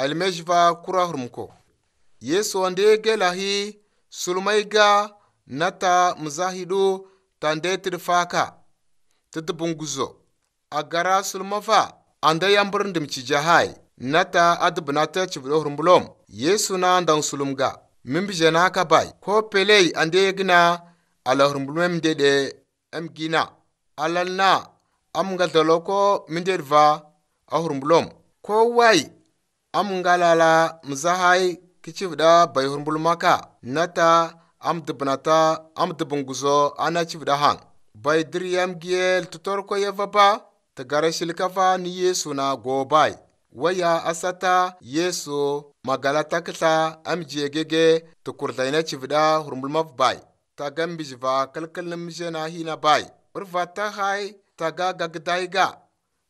almejva kura yesu onde gelahi sulmaiga nata mzahidu tande tirfaka a agara sulmafa anda yambirndim cijahai nata adibinata cibido hurmbulom yesu na ndan sulumga mimbije naka bai ko pelei ande gina ala dede emgina gina alal mindedva am ko a ko wai am ngalala mzahay da bayhur mbulmaka nata am dibnata am dibunguzo ana da hang bay diryam ko tutorko ba tigara shilkafa ni yesu na go bay. waya asata yesu magalata kitla am jegege chif da hurmulmaf bay tagam bijva kalkalnim jena hina bay urvata hay taga gagdaiga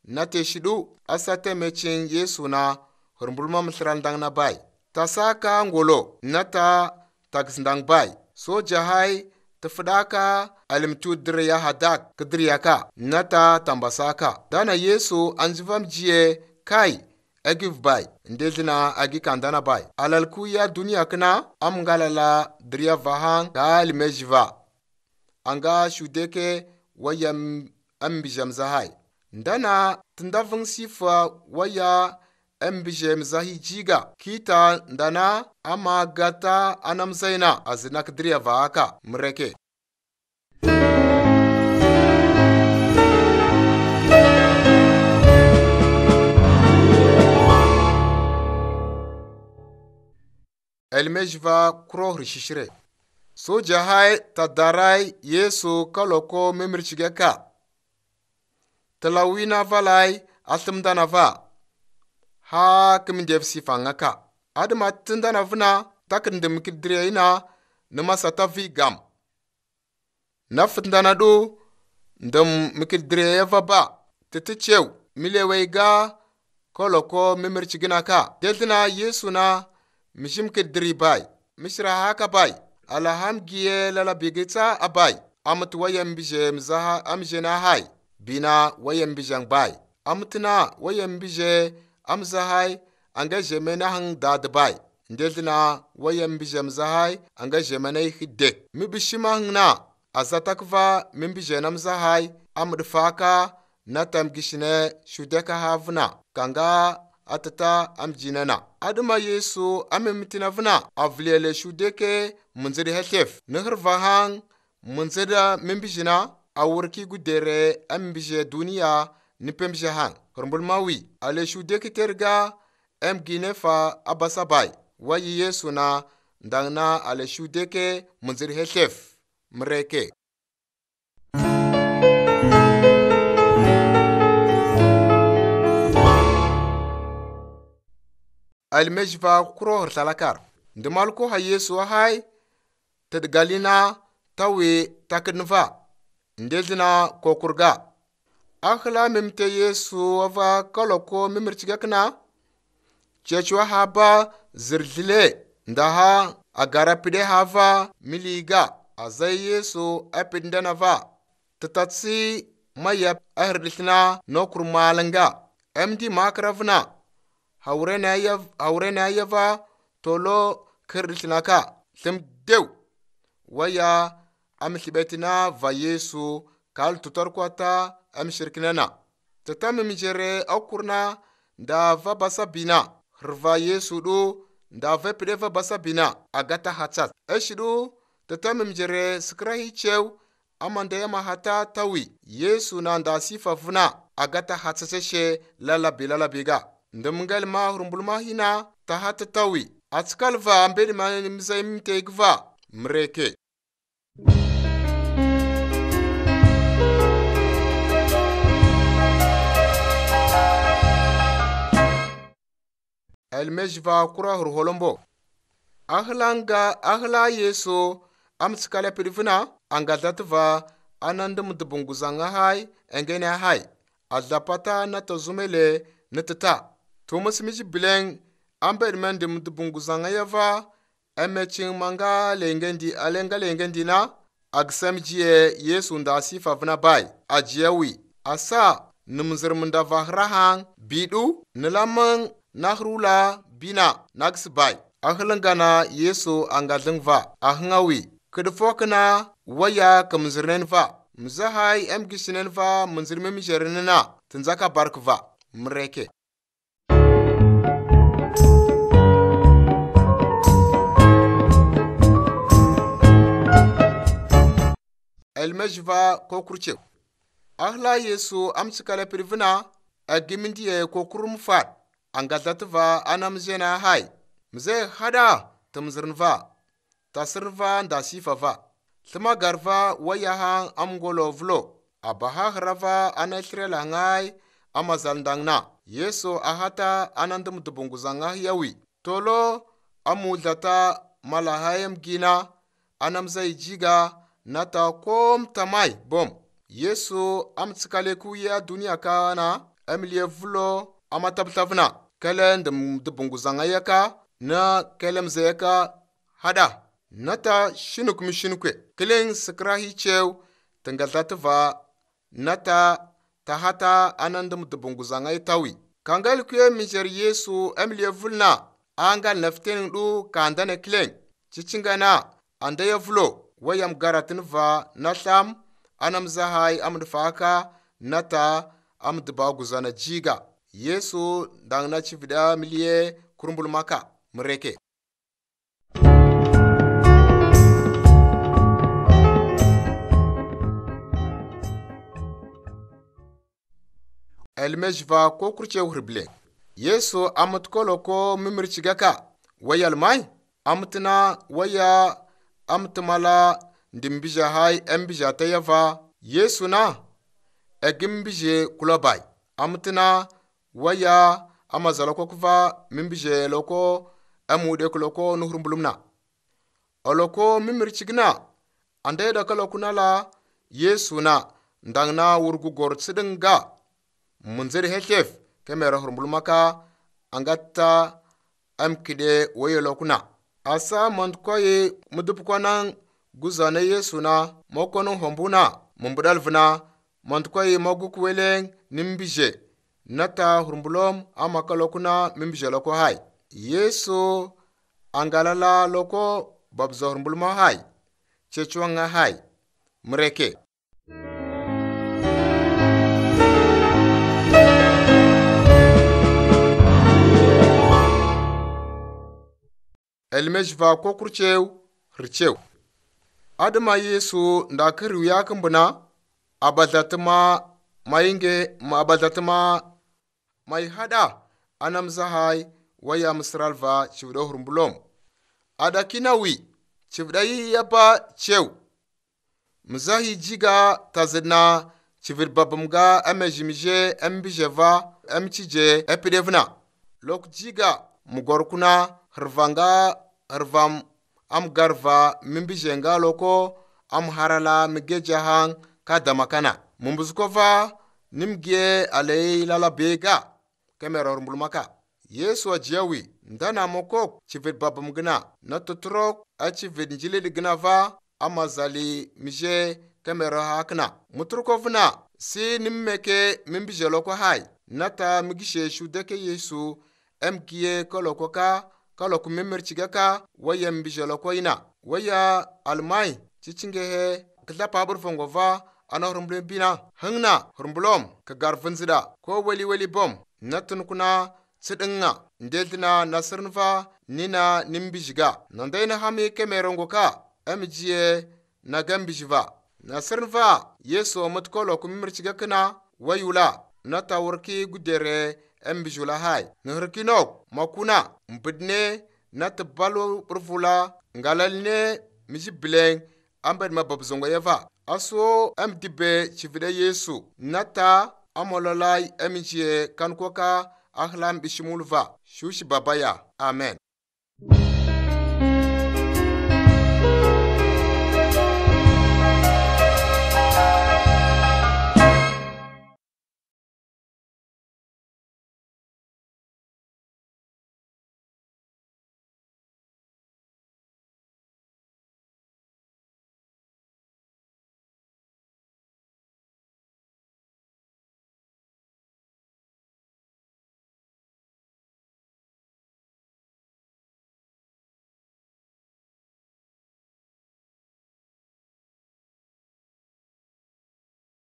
nate shidu asate mechen yesu na horbulmam srandang na bai tasaka ngolo nata tagsndang bai soja hai tafdaka alimtu dirya hadak kdriyaka nata tambasaka dana yesu anjivam jiye kai agiv bai ndezina agi kandana bai alalkuya duniya kna am ngalala dirya vahan ka almejiva anga shudeke wayam ambijam zahai ndana tindavung sifa waya embijemza hijiga kita ndana ama gata anamzaina azina kidriya vaaka mreke elmejva kurohri shishire soja tadarai yesu kaloko memirchige ka talawina valai athimdana va haa kimin ndef si fanga ka adama tunda na vna takəndim kə na. nə vi gam na fətnda na ɗo ndəm va ba tətə cew milewei ga koloko mimirci gina ka deltina yesu na mishim kə diri bai mishra haka bai alaham giye lala bigitsa a bai amət wayem bije mzaha amije na hai bina wayem bijang bai amtna wayem bije amzahai anga jeme na hang da dubai ndelna wayam bijem zahai anga jeme na mi bishima hang na azatakva mi bijenam zahai amdfaka na tamgishine shudeka havna kanga atata amjinana aduma yesu amemtina vna avlele shudeke munzeri hetef nehrva hang munzira mimbijina a gudere ambije duniya ni pem jehang Rumbul mawi ale shu dekiter ga em gine fa abasa bai yesu na ndang na ale shu deke munzir hechef. mreke almejva kuro hırtalakar ndimal ko ha yesu hay tedgalina tawi takdnva Ndezina kokurga akhla mimte yesu wava koloko kna chechwa haba zirdlile ndaha agara pide hava miliga azai yesu va tatatsi maya ahrdilthna no kurmalanga amdi makravna haurena yav haurena yava tolo ka thim dew waya amthlibetina va yesu kal ta. amshirkinana tata mijere akurna nda va basa bina hrva yesu du nda va pide va basa bina agata hatsat eshi du tata mijere skra hi chew amanda yama hata tawi yesu na nda sifa vuna agata hatsaseshe lalabi lalabiga ndemngal ma hrumbul ma hina ta hata tawi atskal va ambeni ma mzai mtegva mreke elmejva kura hurholombo ahlanga ahla yeso amtsikala pirivina angadlatva anandumdubunguzanga hai engene hai adlapata na tozumele nitita tumusimici bilen ambedmendi mdubunguzanga yava emecin manga lengendi alenga lengendina agsemjiye yesu nda sifa vna bai ajiyawi asa nimzirmnda vahrahan bidu nilaman nahrula bina nagsbai ahlngana yeso angadlingva ahngawi kdfokna waya kmzrnenva mzahay emgisnenva mnzrmemzernena tnzaka barkva mreke elmejva kokurche ahla yeso amtsikala pirvna agimindiye kokurumfat angathativa anamzena hai mze hada tumzirnva tasirva ndasifava thlmagarva wayaha amgolovlo abaha hrava anathrelang'ai amazalndang'na yesu ahata anandumdubunguzang'ah yawi tolo amudlata malahayem gina na nata kom tamai bom yesu amtsikaleku ya duniya kana amilye vlo ama na kele dum dubungu zanga yaka na kele mza yaka hada nata shinuk mi shinukwe kelen sikrahi chew tingatha tva nata tahata anandum dubungu zanga yitawi kangal kuye mijer yesu emlie vulna anga naften du kandane kelen cicingana anda vulo wayam garatin va na tham anam zahai amd nata amd guzana jiga yesu dang na chifida milie kurumbul maka mreke elmejva ko kurce hurble yesu amut kolo ko mimirci gaka wayal mai amtna waya amtmala ndimbija hai embija tayava yesu na egimbije kulobai amtna waya amaza loko kuva mimbije loko amude kuloko nuhurumbulumna oloko mimircigna ande da kalokuna la yesu na ndangna wurgu gor tsidin ga munzir hetlef kemera hurumbulumaka angata amkide waye lokuna asa mandkoye mudupkwanan guzane yesu na mokonun hombuna mumbudalvna mandkoye mogukweleng nimbije nata hurumbulom amaka loko na mimbija loko hai yesu angalala loko babza hurumbulom hai chechuanga hai mreke elmej va kokurcheu hrchew adama yesu nda kiriw yakambuna abazatuma mainge ma mai hada anam zahai waya misralva cibdo hurmbulom ada kinawi yi yaba cew mzahi jiga tazidna civir babumga emejimije embijeva emcije epidevna lok jiga mugorkuna hrvanga hrvam amgarva mimbijenga loko amharala harala migejahan kadamakana mumbuzukova nimgie alayi lala bega kemeror mbulmaka yesu ajiawi ndana mokok chivit babam gina na totorok a chivit njilid gina va zali mije kemero hakna muturko vna si nimmeke loko hai nata migishe shudeke yesu emkiye koloko ka kaloku mimirciga ka waya loko ina waya almai cicingehe kila pabur fongo va ana hurmbulin bina hangna hurmbulom ka gar ko weli weli bom na tun kuna tsiɗinga ndetina na sirnva nina na nandai na hami kemerongo ka emjie na gambijiva na yeso mutkolo kumimirciga kina wayula na tawurki gudere mbijula hai na hirkinok makuna mbidne na tibbalo burfula ngalalne miji bileng ambed mababuzongo yeva aso emdibe chivide yesu nata amololai emjie kankoka ahlam bishimulva shush babaya amen